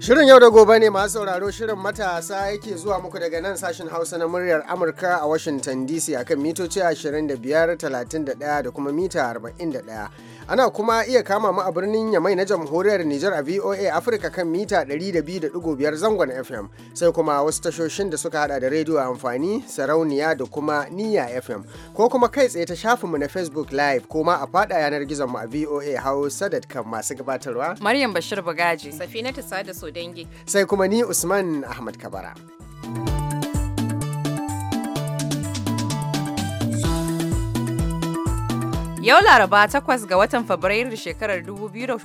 Shirin yau da gobe ne masu sauraro shirin matasa yake zuwa muku daga nan sashen Hausa na muryar Amurka a Washington DC akan mitoci 25.31 da kuma mita 41. Ana kuma iya kama mu a birnin Yamai na jamhuriyar Nijar a VOA Africa kan mita 102.5 zangon FM sai kuma wasu tashoshin da suka hada da rediyo amfani, sarauniya da kuma niyya FM ko kuma kai tsaye ta shafinmu na Facebook Live ko ma a fada yanar gizon mu a VOA Hausa.com masu gabatarwa. Maryam Bashir Bugaji. ta Sada dangi sai kuma ni usman ahmad kabara Yau Laraba takwas ga watan Fabrairu shekarar 2017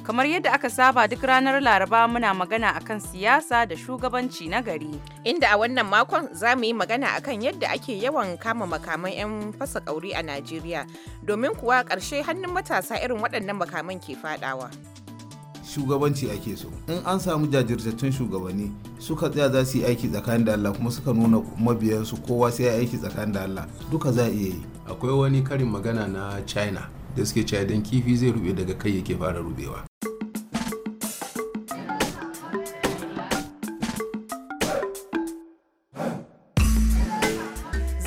kamar yadda aka saba duk ranar Laraba muna magana akan siyasa da shugabanci na gari. Inda a wannan makon za mu yi magana akan yadda ake yawan kama makaman 'yan fasa kauri a Najeriya domin kuwa ƙarshe hannun matasa irin waɗannan makaman ke fadawa. shugabanci ake so in an samu jajirtattun shugabanni suka tsaya za su yi aiki tsakanin da Allah kuma suka nuna mabiyansu kowa sai ya aiki tsakanin da Allah duka za a iya yi akwai wani karin magana na China da suke cewa dan kifi zai rube daga kai yake fara rubewa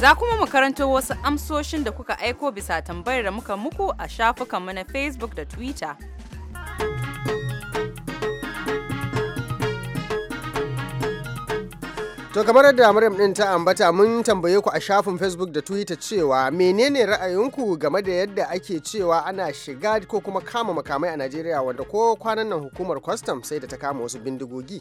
Za kuma mu karanto wasu amsoshin da kuka aiko bisa tambayar da muka muku a shafukanmu na Facebook da Twitter. To kamar yadda Maryam din ta ambata mun tambaye ku a shafin Facebook da Twitter cewa menene ra'ayinku game da yadda ake cewa ana shiga ko kuma kama makamai a Najeriya wanda ko kwanan nan hukumar kwastam sai da ta kama wasu bindigogi.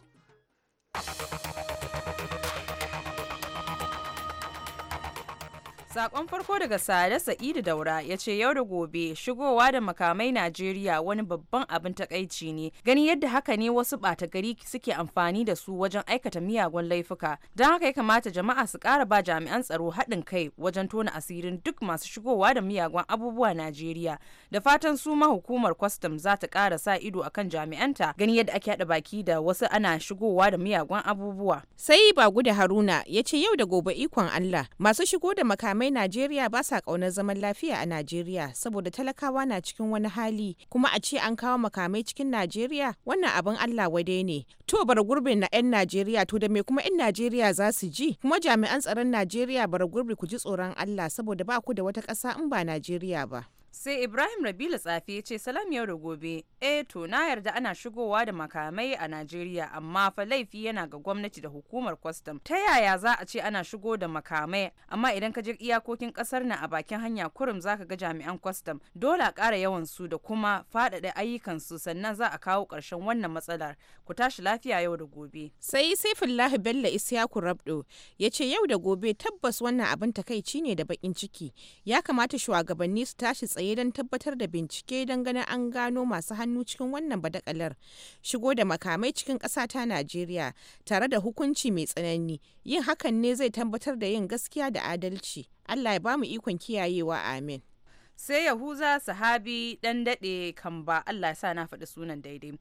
Sakon farko daga Sare Sa'idu Daura ya ce yau da gobe shigowa da makamai Najeriya wani babban abin takaici ne. Gani yadda haka ne wasu bata gari suke amfani da su wajen aikata miyagun laifuka. Don haka ya kamata jama'a su kara ba jami'an tsaro haɗin kai wajen tona asirin duk masu shigowa da miyagun abubuwa Najeriya. Da fatan su ma hukumar kwastam za ta kara sa ido akan jami'anta gani yadda ake haɗa baki da wasu ana shigowa da miyagun abubuwa. Sai ba guda Haruna ya ce yau da gobe ikon Allah masu shigo da makamai malamai Najeriya ba sa ƙaunar zaman lafiya a Najeriya saboda talakawa na cikin wani hali kuma a ce an kawo makamai cikin Najeriya wannan abin Allah wade ne. To bar gurbin na 'yan Najeriya to da me kuma 'yan Najeriya za su ji kuma jami'an tsaron Najeriya bar gurbi ku ji tsoron Allah saboda ba ku da wata ƙasa in ba Najeriya ba. sai ibrahim rabila tsafi ya ce salam yau da gobe eh to na yarda ana shigowa da makamai a najeriya amma fa laifi yana ga gwamnati da hukumar kwastam ta yaya za a ce ana shigo da makamai amma idan ka je iyakokin kasar na a bakin hanya kurum zaka ga jami'an kwastam dole a kara yawan su da kuma faɗaɗa ayyukan su sannan za a kawo ƙarshen wannan matsalar ku tashi lafiya yau da gobe sai saifullahi bello isyaku rabdo ya ce yau da gobe tabbas wannan abin takaici ne da bakin ciki ya kamata shugabanni su tashi tsaye tsaye don tabbatar da bincike don ganin an gano masu hannu cikin wannan badakalar shigo da makamai cikin ƙasa ta Najeriya tare da hukunci mai tsanani. Yin hakan ne zai tabbatar da yin gaskiya da adalci. Allah ya bamu ikon kiyayewa amin. Sai Yahuza Sahabi dan daɗe kan ba Allah ya sa na faɗi sunan daidai.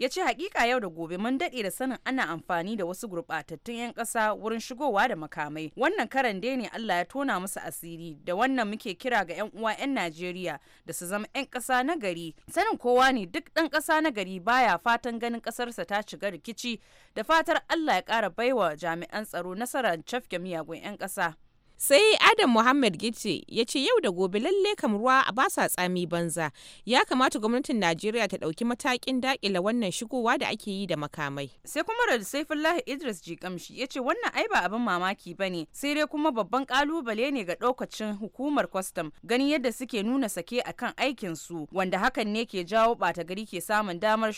ya ce hakika yau da gobe mun daɗe da sanin ana amfani da wasu gurɓatattun 'yan kasa wurin shigowa da makamai wannan karan dai ne allah ya tona musu asiri da wannan muke kira ga 'yan uwa 'yan najeriya da su zama 'yan kasa na gari sanin kowa ne duk ɗan kasa na gari baya fatan ganin ƙasarsa ta shiga rikici da fatar allah ya ƙara baiwa jami'an tsaro nasarar cafke miyagun 'yan kasa. sai adam muhammad gice ya ce yau da gobe lalle kam ruwa a basa tsami banza ya kamata gwamnatin najeriya ta dauki matakin dakila wannan shigowa da ake yi da makamai sai kuma da saifullahi idris jikamshi ya ce wannan ai ba abin mamaki ba ne sai dai kuma babban kalubale ne ga daukacin hukumar kwastam ganin yadda suke nuna sake akan aikin su wanda hakan ne ke jawo bata gari ke samun damar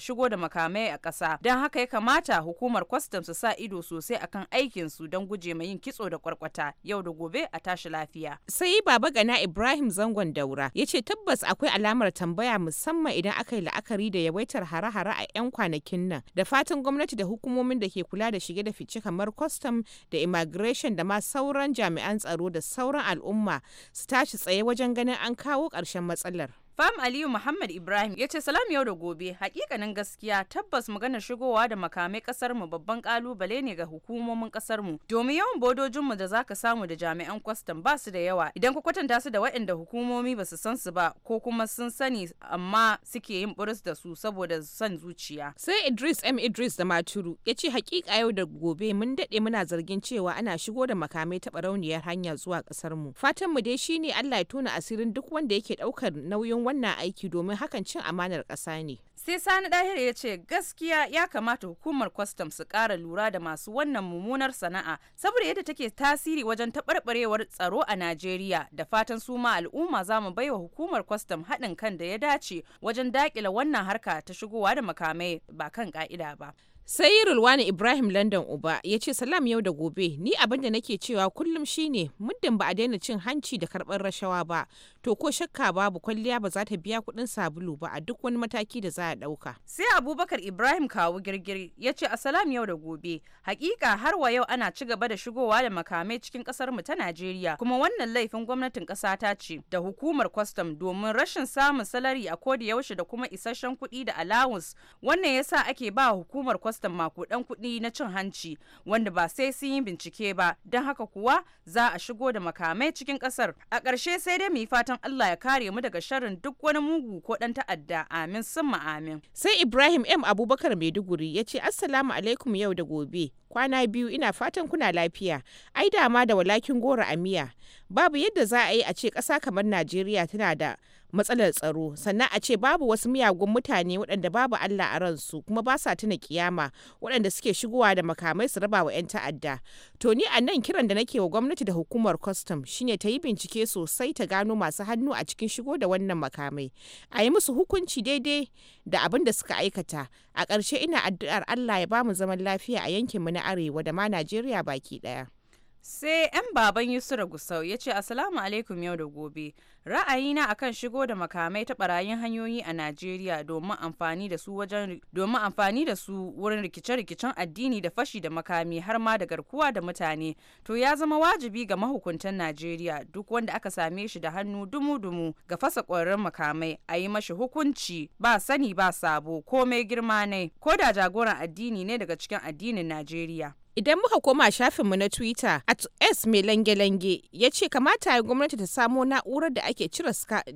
shigo da makamai a kasa don haka ya kamata hukumar kwastam su sa ido sosai akan aikin su don guje ma yin kitso da kwarkwata yau da gobe a tashi lafiya. Sai Baba Gana Ibrahim Zangon Daura ya ce tabbas akwai alamar tambaya musamman idan aka yi la'akari da yawaitar hare-hare a 'yan kwanakin nan da fatan gwamnati da hukumomin da ke kula da shige da fice kamar kwastam da immigration da ma sauran jami'an tsaro da sauran al'umma su tashi tsaye wajen ganin an kawo ƙarshen matsalar. Fam Aliyu Muhammad Ibrahim ya ce salam yau da gobe hakikanin gaskiya tabbas magana shigowa da makamai kasar mu babban kalubale ne ga hukumomin kasar mu domin yawan bodojin mu da zaka samu da jami'an kwastam ba su da yawa idan ka kwatanta su da waɗanda hukumomi ba su san su ba ko kuma sun sani amma suke yin buris da su saboda son zuciya. Sai Idris M Idris da Maturu ya ce hakika yau da gobe mun daɗe muna zargin cewa ana shigo da makamai ta barauniyar hanya zuwa kasar mu. Fatan mu dai shine Allah ya tona asirin duk wanda yake ɗaukar nauyin wannan aiki domin hakan cin amanar ƙasa ne. sai sani dahir ya ce gaskiya ya kamata hukumar kwastam su ƙara lura da masu wannan mummunar sana'a saboda yadda take tasiri wajen taɓarɓarewar tsaro a najeriya da fatan su ma al'umma za mu baiwa hukumar kwastam haɗin kan da ya dace wajen daƙila wannan harka ta shigowa da makamai ba kan ƙa'ida ba sai rulwani ibrahim london uba ya ce salam yau da gobe ni abin da nake cewa kullum shine muddin ba a daina cin hanci da karɓar rashawa ba to ko shakka babu kwalliya ba za ta biya kuɗin sabulu ba a duk wani mataki da za a ɗauka. Sai Abubakar Ibrahim kawo girgiri ya ce asalam yau da gobe hakika har wa yau ana ci gaba da shigowa da makamai cikin ƙasar mu ta Najeriya kuma wannan laifin gwamnatin ƙasa ta ce da hukumar kwastam domin rashin samun salari a koda yaushe da kuma isasshen kuɗi da allowance wannan yasa ake ba hukumar kwastam makudan kuɗi na cin hanci wanda ba sai sun yi bincike ba don haka kuwa za a shigo da makamai cikin ƙasar a karshe sai dai mu yi fatan Allah ya kare mu daga sharrin duk wani mugu ko dan ta'adda amin summa amin. Sai Ibrahim M Abubakar Maiduguri ya ce Assalamu alaikum yau da gobe. Kwana biyu ina fatan kuna lafiya, ai dama da walakin gora a miya. Babu yadda za a yi a ce ƙasa kamar Najeriya tana da matsalar tsaro sannan a ce babu wasu miyagun mutane waɗanda babu Allah a ransu kuma ba sa tuna kiyama waɗanda suke shigowa da makamai su raba wa 'yan ta'adda to ni a nan kiran da nake wa gwamnati da hukumar custom shine ta yi bincike sosai ta gano masu hannu a cikin shigo da wannan makamai a yi musu hukunci daidai da abin da suka aikata a ƙarshe ina addu'ar Allah ya bamu zaman lafiya a mu na arewa da ma Najeriya baki ɗaya. sai 'yan baban yusura gusau ya ce asalamu alaikum yau da gobe ra'ayina a kan shigo da makamai ta ɓarayin hanyoyi a najeriya domin amfani da su wurin rikice-rikicen addini da fashi da makami har ma da garkuwa da mutane to ya zama wajibi ga mahukuntan najeriya duk wanda aka same shi da hannu dumu-dumu ga fasa ƙwararrun makamai a yi mashi hukunci ba sani ba sabo komai girma ne ko da jagoran addini ne daga cikin addinin najeriya Idan muka koma shafinmu na Twitter, at S mai lange-lange ya ce kamata ya gwamnati ta samo na'urar da ake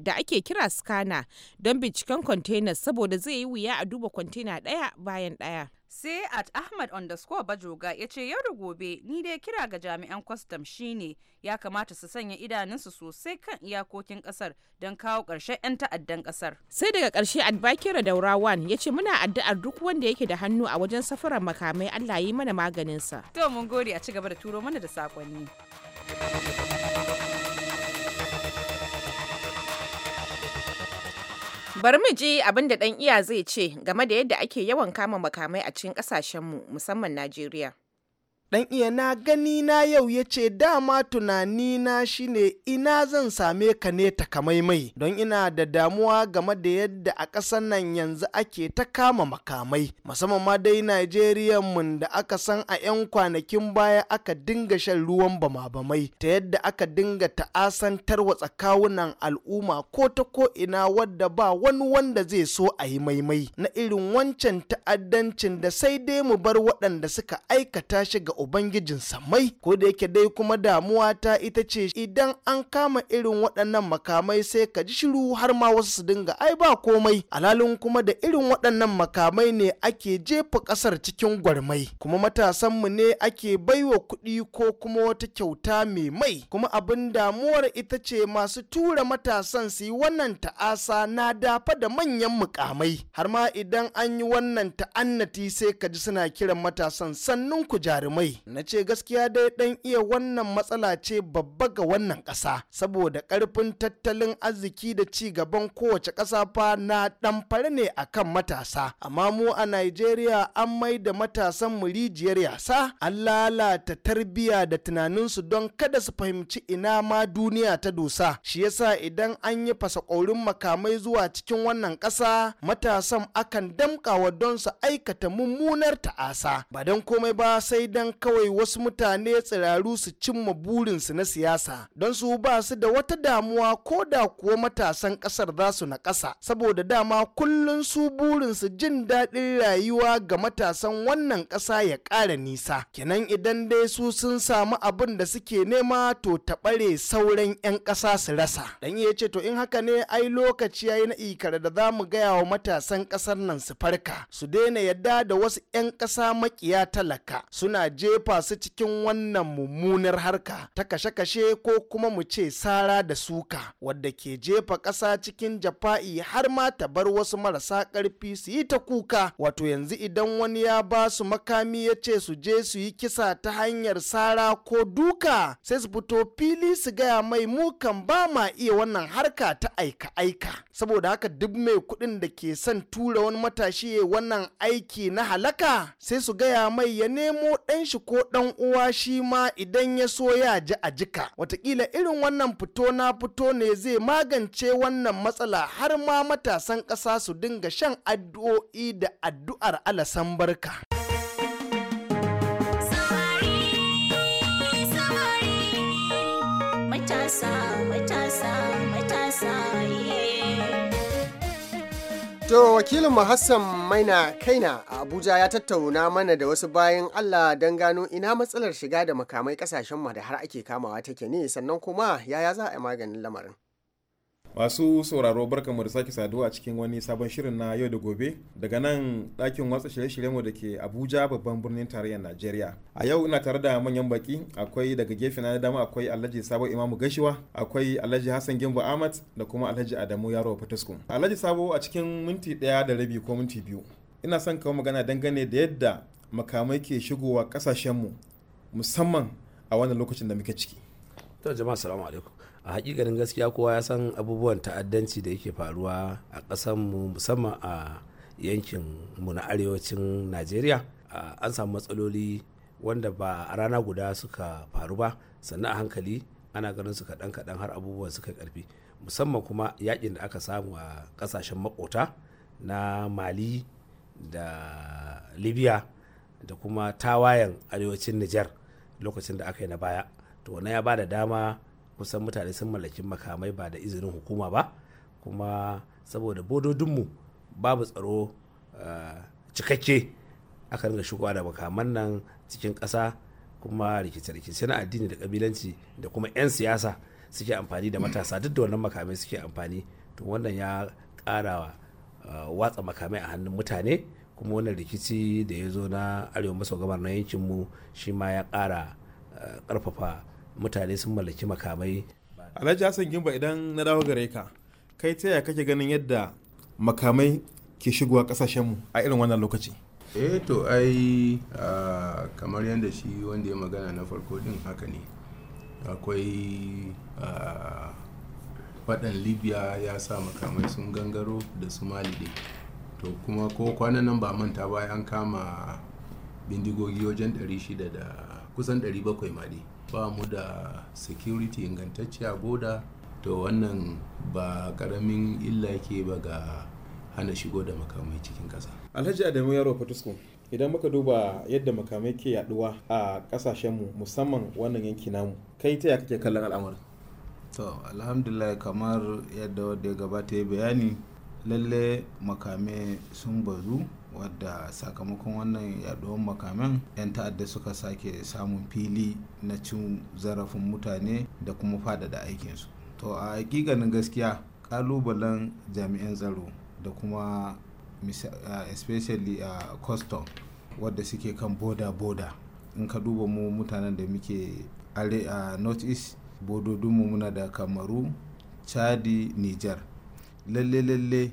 da ake kira scanner don binciken containers saboda zai yi wuya a duba kwantena ɗaya bayan ɗaya. sai at ahmad underscore bajoga ya ce yau da gobe ni dai kira ga jami'an kwastam shine ya kamata su sanya idanunsu sosai kan iyakokin kasar don kawo karshen 'yan ta'addan kasar sai daga ƙarshe adbakira daurawan ya ce muna addu'ar duk wanda yake da hannu a wajen safarar makamai allah yi mana maganinsa to mun gode a ci gaba da turo mana da saƙonni Bari mu ji abin da ɗan iya zai ce game da yadda ake yawan kama makamai a cikin ƙasashenmu musamman Najeriya. ɗan iya na gani na yau ya ce dama tunani na shine ina zan same ka ne takamaimai don ina da damuwa game da yadda a ƙasar nan yanzu ake ta kama makamai musamman ma dai Najeriya mun da aka san a 'yan kwanakin baya aka dinga shan ruwan bama-bamai ta yadda aka dinga ta'asantar watsa kawunan al'umma ko ta ko ina wadda ba wani wanda zai so a yi maimai na irin wancan ta'addancin da sai dai mu bar waɗanda suka aikata shi ga ubangijin samai ko da yake dai kuma damuwa ta ita ce idan an kama irin waɗannan makamai sai ka ji shiru har ma wasu su dinga ai ba komai alalin kuma da irin waɗannan makamai ne ake jefa ƙasar cikin gwarmai kuma matasanmu ne ake baiwa kuɗi ko kuma wata kyauta mai mai kuma abin damuwar ita ce masu tura matasan su yi wannan ta'asa na dafa da manyan mukamai har ma idan an yi wannan ta'annati sai ka ji suna kiran matasan sannun ku jarumai na ce gaskiya dai dan iya wannan matsala ce babba ga wannan ƙasa saboda ƙarfin tattalin arziki da ci gaban kowace ƙasa fa na ɗan fare ne akan matasa amma mu a Najeriya an mai da matasan mu rijiyar yasa an lalata tarbiya da tunaninsu don kada su fahimci ina ma duniya ta dosa shi yasa idan an yi fasa ƙorin makamai zuwa cikin wannan ƙasa matasan akan damƙawa don su aikata mummunar ta'asa ba don komai ba sai don kawai wasu mutane tsiraru su cimma burinsu na siyasa don su ba su da wata damuwa ko da kuwa matasan ƙasar za su na ƙasa saboda dama kullum su burinsu jin daɗin rayuwa ga matasan wannan ƙasa ya ƙara nisa kenan idan dai su sun samu abin da suke nema to taɓare sauran 'yan ƙasa su rasa dan iya ce to in haka ne ai lokaci yayi na ikar da za mu gaya wa matasan ƙasar nan su farka su daina yadda da wasu 'yan ƙasa makiya talaka suna jefa su cikin wannan mummunar harka ta kashe-kashe ko kuma mu ce sara da suka wadda ke jefa ƙasa cikin jafa'i har ma ta bar wasu marasa ƙarfi su yi ta kuka wato yanzu idan wani ya ba su makami ya ce su je su yi kisa ta hanyar sara ko duka sai su fito fili su gaya mai mukan ba ma iya wannan harka ta aika-aika saboda haka duk mai kuɗin da ke son tura wani matashi wannan aiki na halaka sai su gaya mai ya nemo ɗan shi ko dan uwa shi ma idan ya so ya ji a jika watakila irin wannan fito na fito ne zai magance wannan matsala har ma matasan ƙasa su dinga shan addu'o'i da addu'ar alasan barka. To wakilin Hassan Maina Kaina a Abuja ya tattauna mana da wasu bayan Allah don gano ina matsalar shiga da makamai kasashen mu da har ake kamawa take ne sannan kuma yaya za a yi maganin lamarin. masu sauraro barkamu da sake saduwa a cikin wani sabon shirin na yau da gobe daga nan dakin watsa shirye shirye mu da ke abuja babban birnin tarayyar najeriya a yau ina tare da manyan baki akwai daga gefe na dama akwai alhaji sabo imamu gashiwa akwai alhaji hassan gimbo ahmad da kuma alhaji adamu yaro fataskun alhaji sabo a cikin minti ɗaya da rabi ko minti biyu ina son kawo magana dangane da yadda makamai ke shigowa ƙasashenmu musamman a wannan lokacin da muke ciki. jama'a salamu alaikum a hakikanin gaskiya kowa ya san abubuwan ta'addanci da yake faruwa a mu musamman a yankin mu na arewacin najeriya an samu matsaloli wanda ba a rana guda suka faru ba sannan a hankali ana ganin su kaɗan kaɗan har abubuwan suka karfi musamman kuma yakin da aka samu a ƙasashen makota na mali da libya da kuma tawayen arewacin nijar lokacin da aka yi na baya to na ya ba da dama kusan mutane sun mallaki makamai ba da izinin hukuma ba kuma saboda bododinmu babu tsaro eh, cikakke aka ringa shigowa da makaman nan cikin ƙasa kuma rikice-rikice na addini da kabilanci da kuma 'yan siyasa suke amfani da matasa duk da wannan makamai suke amfani to wannan ya ƙara eh, watsa makamai a hannun mutane kuma wannan rikici da ya zo na arewa maso gabar na yankinmu shi ma ya ƙara eh, ƙarfafa mutane sun mallaki makamai alhaji hassan gimba idan na dawo gare ka kai ta yaya kake ganin yadda makamai ke shigowa kasashenmu a irin wannan lokaci eh to ai kamar yadda shi wanda ya magana na farko din haka ne akwai faɗan libya ya sa makamai sun gangaro da su malide to kuma ko kwanan nan ba manta ba an kama bindigogi wajen 600 da kusan 700 ma ba mu da security ingantacciya a boda to wannan ba karamin illa yake ba ga hana shigo da makamai cikin ƙasa. alhaji adamu yaro fatusko idan muka duba yadda makamai ke yaduwa a ƙasashenmu musamman wannan yanki namu kai ta ya kake kallon al'amarin to alhamdulillah kamar yadda wadda ya gabata ya bayani lalle makamai sun bazu wadda sakamakon wannan yaduwar makamin 'yan ta'adda suka sake samun fili na cin zarafin mutane da kuma faɗaɗa aikinsu to a hakikanin gaskiya kalubalen jami'an tsaro da kuma especially a custom wadda suke kan boda-boda in ka duba mu mutanen da muke are a north east bododinmu muna da kamaru chadi niger lalle-lalle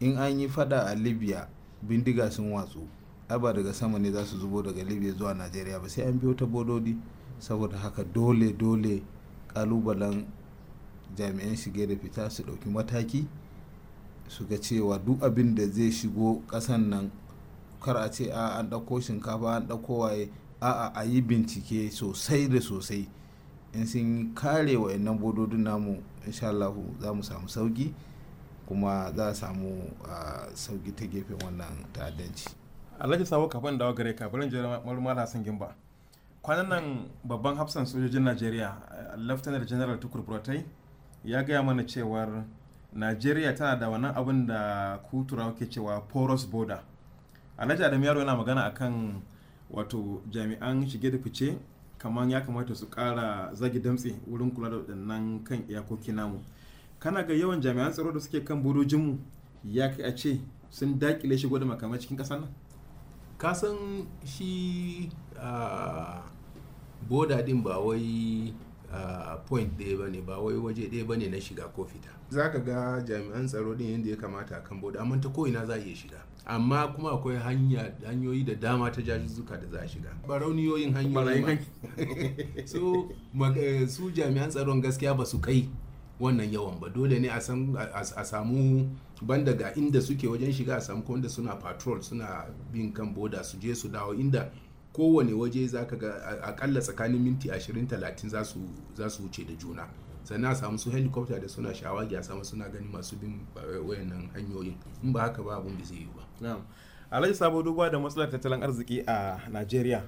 in an yi fada a libya bindiga sun watsu ai ba daga sama ne za su zubo daga libya zuwa najeriya ba sai an biyo ta bododi saboda haka dole dole kalubalen jami'an shige da fita su ɗauki mataki su ga cewa duk abin da zai shigo kasan nan kar a ce a an ɗauko shinkafa an ɗauko waye a'a a yi bincike sosai da sosai in sun kare wa'annan bododin namu insha za mu samu sauki kuma za a samu sauki ta gefen wannan ta'addanci alhaji sabo kafin dawo gare ka bari jira malumar hassan gimba kwanan nan babban hafsan sojojin najeriya laftanar general tukur buratai ya gaya mana cewar najeriya tana da wannan abin da ku turawa ke cewa porous border alhaji adam yaro yana magana akan wato jami'an shige da fice kamar ya kamata su kara zagi damtse wurin kula da waɗannan kan iyakoki namu kana ga yawan jami'an tsaro da suke kan burujinmu ya kai a ce sun dakile shigo da makamai cikin ƙasar nan ka san shi boda din ba wai point ɗaya ba ne ba wai waje ɗaya ba ne na shiga ko fita za ka ga jami'an tsaro din yadda ya kamata kan boda amma ta ko'ina za a iya shiga amma kuma akwai hanyoyi da dama ta jajuzzuka da za a shiga barauniyoyin hanyoyi eh, su jami'an tsaron gaskiya ba su kai wannan yawan ba dole ne a samu banda ga inda suke wajen shiga a samu wanda suna patrol suna bin kan boda su je su dawo inda kowane waje za ka ga akalla tsakanin minti 20-30 za su wuce da juna sannan a samu su helicopter da suna shawagi a sama suna gani masu bin eh, wayannan hanyoyin in ba haka ba abin da zai yi ba alhaji sabo duba da matsalar tattalin arziki a najeriya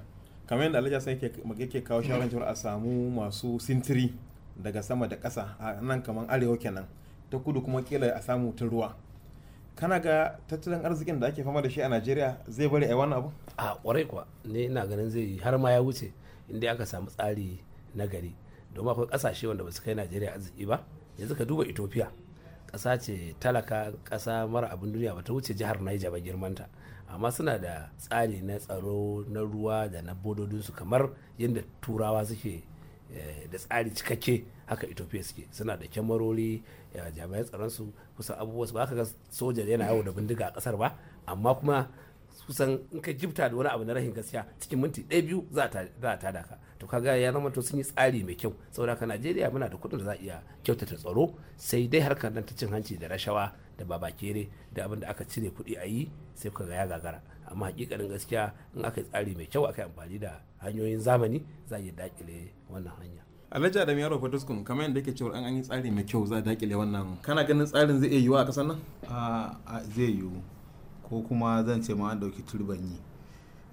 kamar yadda alhaji sai yake kawo shawarar a samu masu sintiri daga sama da ƙasa a nan kamar arewa kenan ta kudu kuma kila a samu ta ruwa kana ga tattalin arzikin da ake fama da shi a najeriya zai bari a yi wannan abu a kwarai kuwa ne ina ganin zai yi har ma ya wuce inda aka samu tsari na gari domin akwai kasashe wanda ba su kai najeriya arziki ba yanzu ka duba ethiopia ƙasa ce talaka ƙasa mara abin duniya ba ta wuce jihar niger ba girmanta amma suna da tsari na tsaro na ruwa da na bododinsu kamar yadda turawa suke Eh, da tsari cikakke haka ethiopia suke suna da kyamarori eh, jami'an tsaron su kusan abubuwa ba ka ga soja yana yawo da bindiga a kasar ba amma kuma kusan in ka jibta da wani abu na rahin gaskiya cikin minti ɗaya biyu za a tada ka to kaga ya zama to sun yi tsari mai kyau saboda haka najeriya muna da kuɗin da za a iya kyautata tsaro sai dai harkar nan ta cin hanci da rashawa da babakere da abin da aka cire kuɗi a yi sai kaga ga ya gagara amma hakikanin gaskiya in aka yi tsari mai kyau aka yi amfani da hanyoyin zamani za a iya dakile wannan hanya alhaji adam yaro fataskun kamar yadda yake cewa an yi tsari mai kyau za a dakile wannan kana ganin tsarin zai iya yiwuwa a kasar nan zai yiwu ko kuma zan ce ma an dauki turban yi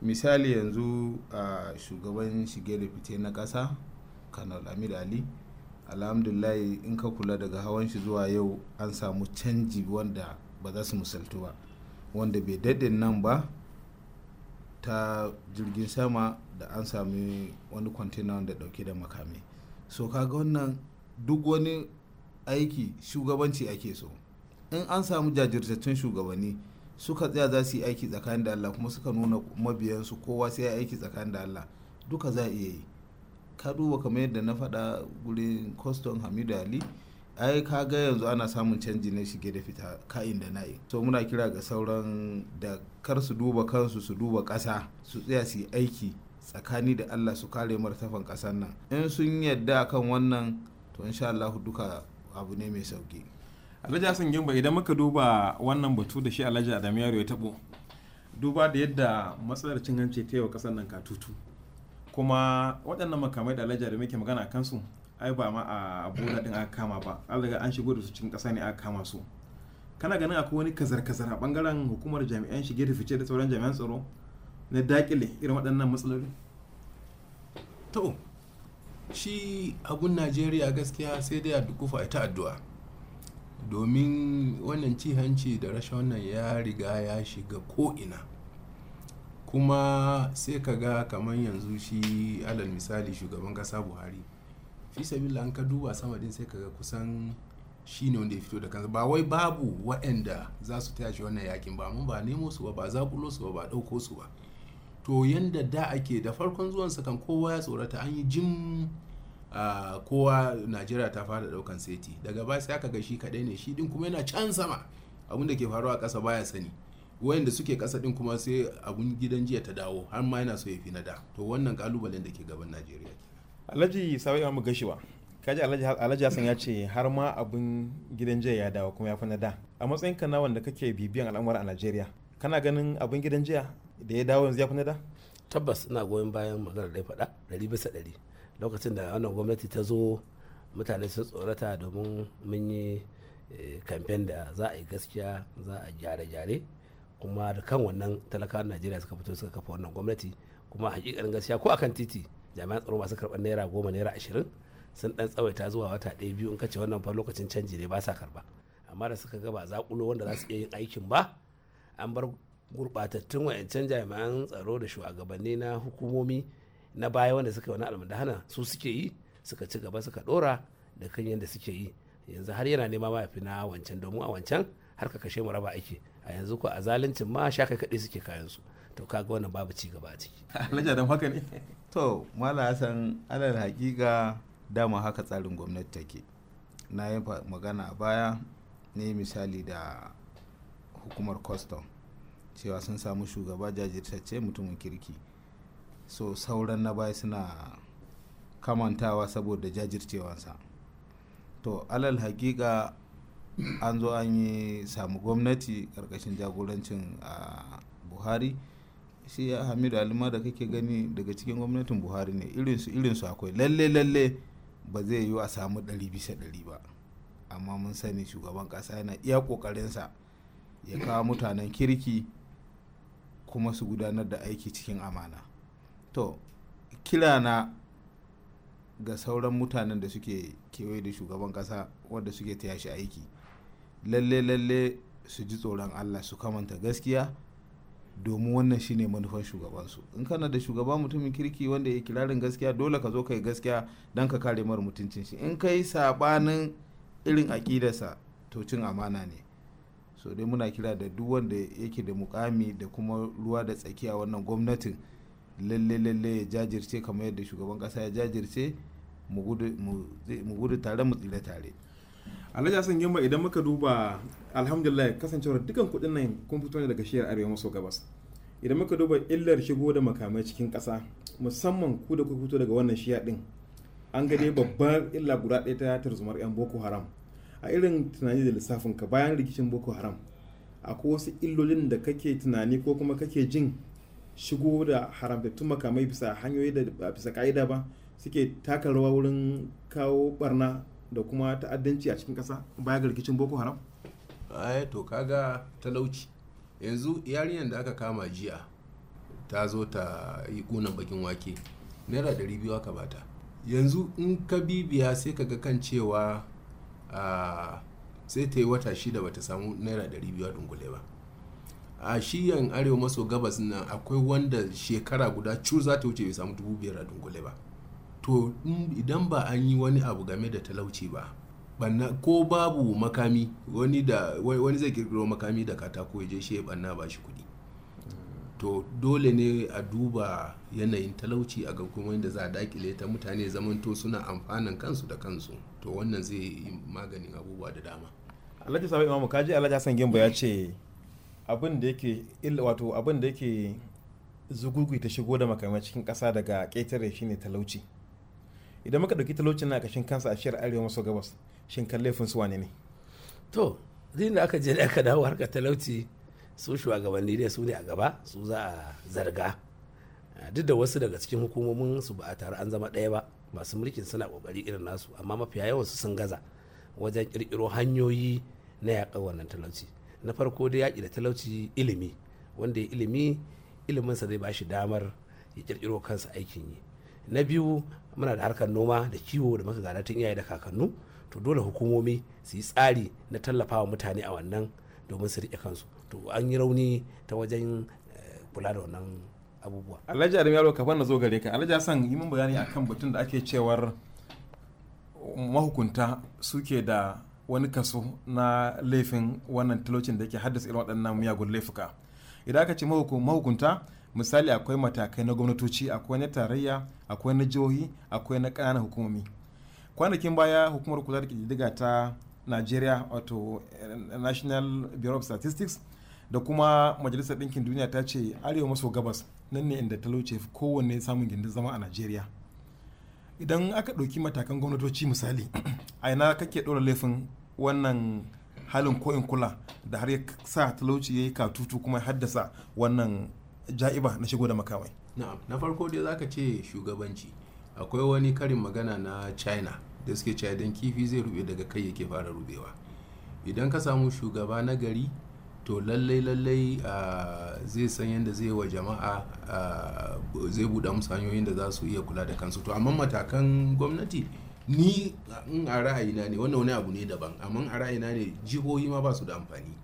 misali yanzu a shugaban shige da fice na kasa kanal amir ali alhamdulahi in ka kula daga hawan shi zuwa yau an samu canji wanda ba za su musaltu ba wanda bai daɗin nan ba ta jirgin sama da an sami wani kwantena da dauke da makami so kaga wannan duk wani aiki shugabanci ake so in an samu jajirtattun shugabanni suka tsaya za su yi aiki tsakanin da allah kuma suka nuna mabiyansu kowa sai ya aiki tsakanin da allah duka za a iya yi ka duba kamar yadda na faɗa gurin kwaston hamidu ali ai ka ga yanzu ana samun canji na shige da fita ka'in da na'in so muna kira ga sauran da kar su duba kansu su duba ƙasa su tsaya su yi aiki tsakani da allah su kare martafan ƙasar nan in sun yadda kan wannan to insha allahu duka abu ne mai sauki alhaji hassan gimba idan muka duba wannan batu da shi alhaji adam yaro ya taɓo duba da yadda matsalar cin hanci ta yi wa ƙasar nan katutu kuma waɗannan makamai da alhaji da muke magana kansu ai ba ma a bola din aka kama ba an riga an shigo da su cikin kasa ne aka kama su kana ganin akwai wani kazar-kazar a bangaren hukumar jami'an shige da fice da sauran jami'an tsaro na dakile irin waɗannan matsaloli to shi abun najeriya gaskiya sai dai a dukufa ita addu'a domin wannan ci hanci da rashin wannan ya riga ya shiga ko'ina kuma sai ka ga kamar yanzu shi alal misali shugaban kasa buhari fi sabila an ka duba sama din sai kaga kusan shi ne wanda ya fito da kansa ba wai babu waɗanda za su taya shi wannan yakin ba mun ba nemo su ba ba zakulo su ba ba ɗauko su ba to yanda da ake da farkon zuwan sa kan kowa ya tsorata an yi jin kowa najeriya ta fara ɗaukan seti daga baya sai aka ga shi kaɗai ne shi din kuma yana can sama abun da ke faruwa a kasa baya sani wayanda suke kasa din kuma sai abun gidan jiya ta dawo har ma yana so ya fi na da to wannan kalubalen da ke gaban najeriya alhaji sabai mu gashiwa kaji alhaji hassan ya ce har ma abin gidan jiya ya dawo kuma ya fi nada da a matsayin ka na wanda kake bibiyan al'amura a najeriya kana ganin abin gidan jiya da ya dawo yanzu ya fi nada da tabbas ina goyon bayan maganar da ya faɗa ɗari bisa ɗari lokacin da wannan gwamnati ta zo mutane sun tsorata domin mun yi eh, kamfen da za a yi gaskiya za a gyare-gyare kuma da kan wannan talakawan najeriya suka fito suka kafa wannan gwamnati kuma hakikanin gaskiya ko akan titi jami'an tsaro masu karɓar naira goma naira ashirin sun ɗan tsawaita zuwa wata ɗaya biyu in ka ce wannan fa lokacin canji ne ba sa karba amma da suka ga ba zaƙulo wanda za su iya yin aikin ba an bar gurɓatattun wa'ancan jami'an tsaro da shugabanni na hukumomi na baya wanda suka yi wani almudahana su suke yi suka ci gaba suka ɗora da kan yadda suke yi yanzu har yana nema mafi na wancan domin a wancan har ka kashe mu raba aiki a yanzu ko a zaluncin ma sha kai kaɗai suke kayan su. to kaga wannan babu ci gaba ciki alhaji dan haka ne to mala Hassan alal hakika dama haka tsarin gwamnati take na yi magana a baya ne misali da hukumar custom cewa sun samu shugaba jajirtacce mutumin kirki so sauran na baya suna kamantawa saboda jajircewansa to alal hakika an zo an yi samu gwamnati karkashin jagorancin a ah, buhari shi ya hamidu alima da kake gani daga cikin gwamnatin buhari ne irinsu irinsu akwai lalle lalle ba zai yiwu a samu ɗari bisa ɗari ba amma mun sani shugaban ƙasa yana iya ƙoƙarinsa ya kawo mutanen kirki kuma su gudanar da aiki cikin amana to na ga sauran mutanen da suke kewaye da shugaban ƙasa wadda suke taya shi aiki lalle lalle su ji tsoron allah su kamanta gaskiya domin wannan shine manufan shugabansu in kana da shugaba mutumin kirki wanda ya kirarin gaskiya dole ka zo ka yi gaskiya don ka kare mara mutuncin shi in kai saɓanin irin aƙidarsa to cin amana ne so dai muna kira da duk wanda yake da mukami da kuma ruwa da tsaki a wannan gwamnatin lalle lalle ya jajirce kamar yadda shugaban ƙasa ya jajirce mu gudu tare mu tsira tare alhaji hassan gimba idan muka duba alhamdulillah kasancewar dukkan kuɗin nan kun fito ne daga shiyar arewa maso gabas idan muka duba illar shigo da makamai cikin kasa musamman ku da ku fito daga wannan shiya din an ga dai babbar illa guda ɗaya ta tarzumar 'yan boko haram a irin tunani da lissafin ka bayan rikicin boko haram akwai wasu illolin da kake tunani ko kuma kake jin shigo da haramtattun makamai bisa hanyoyi da bisa ka'ida ba suke taka rawa wurin kawo barna da kuma ta'addanci a cikin ƙasa baya ga rikicin boko haram aye to kaga talauci yanzu yarinyar da aka kama jiya ta zo ta yi kunan bakin wake naira ɗari biyu aka bata yanzu in ka bibiya sai ka ga kan cewa sai ta yi wata shida bata samu naira ɗari biyu a dunkule ba a shiyan arewa maso gabas nan akwai wanda shekara guda cu za ta wuce bai samu dubu biyar a dunkule ba to idan ba an yi wani abu game da talauci ba banna ko babu makami wani da wani zai kirkiro makami da katako ya je shi ya banna ba shi kuɗi to dole ne a duba yanayin talauci a ga kuma da za a dakile ta mutane zamanto suna amfanan kansu da kansu to wannan zai yi maganin abubuwa da dama alhaji sabai imamu kaji alhaji hassan gimba ya ce abin da yake wato abin da yake zugugu ta shigo da makamai cikin kasa daga ƙetare shine talauci idan muka ɗauki talocin na kashin kansa a shiyar arewa maso gabas shin kan laifin su wane ne to din da aka je da aka dawo harka talauci su shugabanni dai su ne a gaba su za a zarga ah, duk da wasu daga cikin hukumomin su ba a taru an zama ɗaya ba masu mulkin suna kokari irin nasu amma mafiya yawan su sun gaza wajen kirkiro hanyoyi na yaƙar wannan talauci na farko dai yaƙi da talauci ilimi wanda ya ilimi iliminsa zai ba shi damar ya kirkiro kansa aikin yi na biyu muna da harkar noma da kiwo da maka gada iyaye da kakannu to dole hukumomi su yi tsari na tallafawa mutane a wannan domin su riƙe kansu to an yi rauni ta wajen eh, kula da wannan abubuwa alhaji adam yaro kafin na zo gare ka alhaji hassan yi mun bayani akan batun da ake cewar mahukunta suke da wani kaso na laifin wannan talocin da ke haddasa irin waɗannan miyagun laifuka idan aka ce mahukunta misali akwai matakai na gwamnatoci akwai na tarayya akwai na jihohi akwai na ƙananan hukumomi kwanakin baya hukumar kula da ƙididdiga ta nigeria wato eh, national bureau of statistics da kuma majalisar ɗinkin duniya ta ce arewa maso gabas nan ne inda talauce kowanne samun gindin zama a nigeria idan aka ɗauki matakan gwamnatoci misali a ina kake ɗora laifin wannan halin ko kula da har ya sa talauci ya yi katutu kuma ya haddasa wannan ja'iba na shigo da makamai na'am na farko dai zaka ce shugabanci akwai wani karin magana na china da suke cewa idan kifi zai rube daga kai yake fara rubewa idan ka samu shugaba na gari to lallai lallai zai san yadda zai wa jama'a zai buɗe musu hanyoyin da za su iya kula da kansu to amma matakan gwamnati ni in a ra'ayina ne wannan wani abu ne daban amma a ra'ayina ne jihohi ma ba su da amfani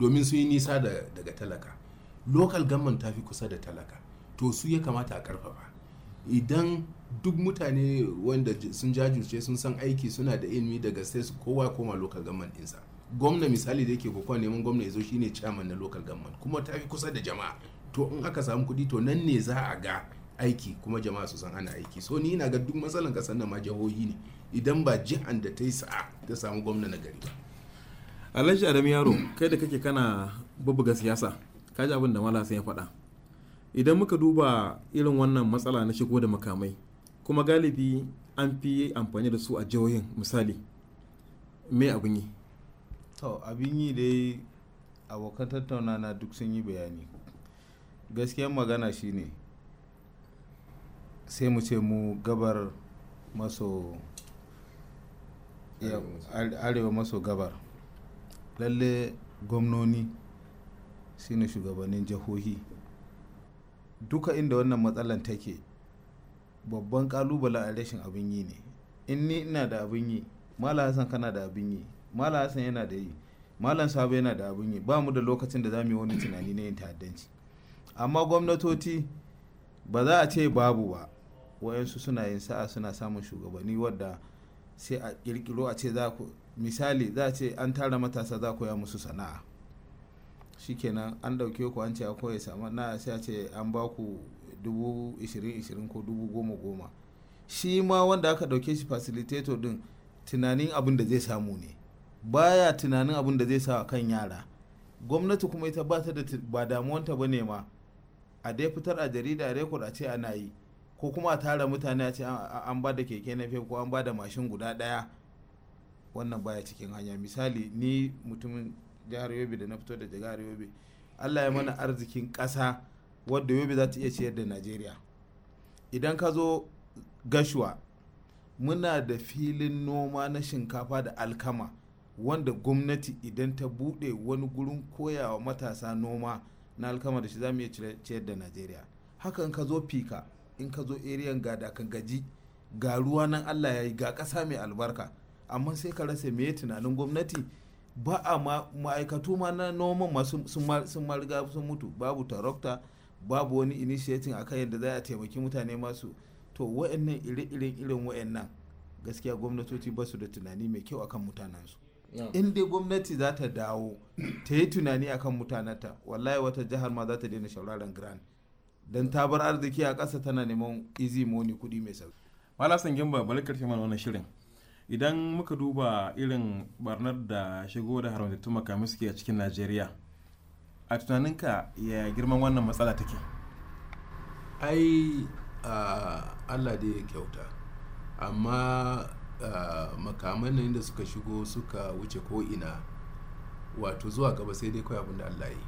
domin su yi nisa daga talaka local government ta fi kusa da talaka to su ya kamata a karfafa idan duk mutane wanda sun jajirce sun san aiki suna da ilimi daga sai su kowa koma local government ɗinsa gwamna misali da yake kokawa neman gwamna yazo shine chairman na local government kuma ta fi kusa da jama'a to in aka samu kuɗi to nan ne za a ga aiki kuma jama'a su san ana aiki so ni ina ga duk matsalan kasar nan ma jihohi ne idan ba jihar da ta yi sa'a ta samu gwamna na gari ba alhaji adam yaro kai da kake kana bubuga siyasa kaji abin da mala ya faɗa idan muka duba irin wannan matsala na shigo da makamai kuma galibi an fi amfani da su a jihohin misali me abin yi to abin yi dai abokan tattauna na duk sun yi bayani gaskiyar magana shine sai mu ce mu gabar maso arewa maso gabar lalle gwamnoni shine shugabannin jihohi duka inda wannan matsalan take babban kalubale a rashin abin yi ne in ni ina da abin yi mala hassan kana da abin yi mala hassan yana da yi malam sabo yana da abin yi ba mu da lokacin da za mu yi wani tunani na yin ta'addanci amma gwamnatoci ba za a ce babu ba wayansu suna yin sa'a suna samun shugabanni wadda sai a kirkiro a ce za ku misali za a ce an tara matasa za ku ya musu sana'a shikenan an dauke ku an ce akwai samu na sai a ce an ba ku dubu ishirin ishirin ko dubu goma goma shi ma wanda aka dauke shi facilitator din tunanin abin da zai samu ne baya tunanin abin da zai sa kan yara gwamnati kuma ita ba ta da ba damuwanta ba ne ma a dai fitar a jarida a rekod a ce ana yi ko kuma a tara mutane a ce an ba da keke na ko an ba da mashin guda daya wannan baya cikin hanya misali ni mutumin jihar yobe da na fito da jihar yobe allah ya mana arzikin kasa wadda yobe za ta iya ciyar da najeriya idan ka zo gashuwa muna da filin noma na shinkafa da alkama wanda gwamnati idan ta bude wani gurin koyawa matasa noma na alkama da shi za mu iya ciyar da najeriya hakan ka zo fika in ka zo eriyan gada kan gaji ga ruwa nan allah ya yi ga ƙasa mai albarka amma sai ka rasa me tunanin gwamnati ba a ma'aikatu ma na noman ma sun marga sun mutu babu tarakta babu wani initiating akan yadda za a taimaki mutane masu to wa'annan irin irin wa'annan gaskiya gwamnatoci ba su da tunani mai kyau akan mutanensu in dai gwamnati za ta dawo ta yi tunani akan mutanenta wallahi wata jihar ma za ta daina shauraran grand don ta bar arziki a ƙasa tana neman easy money kuɗi mai sauki. Malasan Gimba bari karfe mana wannan shirin. idan muka duba irin barnar da shigo da haramtattun makamai suke a cikin najeriya a tunaninka ya girman wannan matsala take ai allah da ya kyauta amma makaman nan da suka shigo suka wuce ko'ina wato zuwa gaba sai dai kawai abunda da allah yi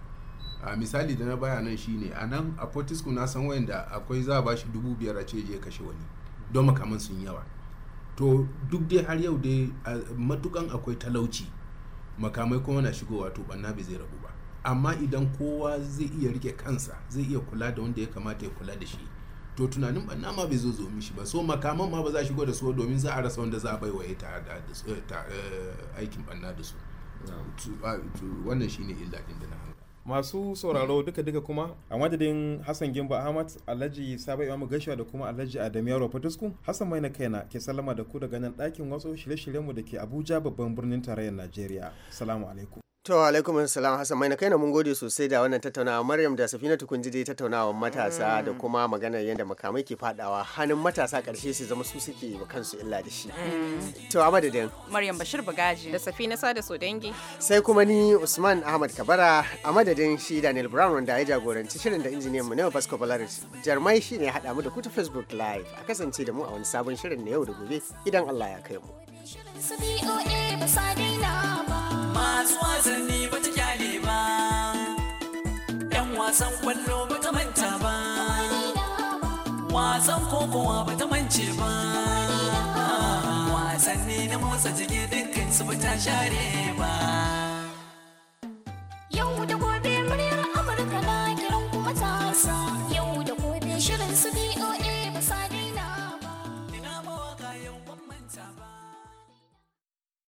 a misali da na baya nan shine a nan a fotisku na san wayanda akwai za a bashi dubu biyar a ce je kashe wani don makaman sun yawa to duk dai har yau dai matukan akwai talauci makamai kuma na shigowa to banna bai zai rabu ba amma idan kowa zai iya rike kansa zai iya kula da wanda ya kamata ya kula da shi to tunanin banna ma bai zo zomi mishi ba so makaman ma ba za shigo da su domin za a rasa wanda za a bai waye eh, eh, aikin banna da su wannan shine illa din da na masu sauraro duka-duka kuma a madadin hassan gimba ahmad alhaji sabai imamu gaisha da kuma alhaji adam yaro fatusku hassan maina kaina ke salama da ku daga nan ɗakin wasu shirye-shiryenmu da ke abuja babban birnin tarayyar najeriya salamu alaikum To alaikum salam Hassan mai na kai na mun gode sosai da wannan tattaunawa Maryam da Safina tukun ji dai tattaunawa matasa da mm. kuma magana yadda makamai ke fadawa hannun matasa karshe su zama su suke ba kansu illa da shi. Mm. To a madadin Maryam Bashir Bagaji da Safina Sada Sodangi. Sai kuma ni Usman Ahmad Kabara a madadin shi Daniel Brown wanda ya jagoranci shirin da injiniyan mu na Vasco Polaris. Jarmai shi ne haɗa mu da kuta Facebook Live a kasance da mu a wani sabon shirin na yau da gobe idan Allah ya kai mu. Sabi'o'e ba sa daina ba. masu wasanni ba ta kyale ba yan wasan kwallo ba ta manta ba wasan kokowa ba ta mance ba wasanni na motsa jiki dukkan su ba ta share ba yau da gobe muryar amurka na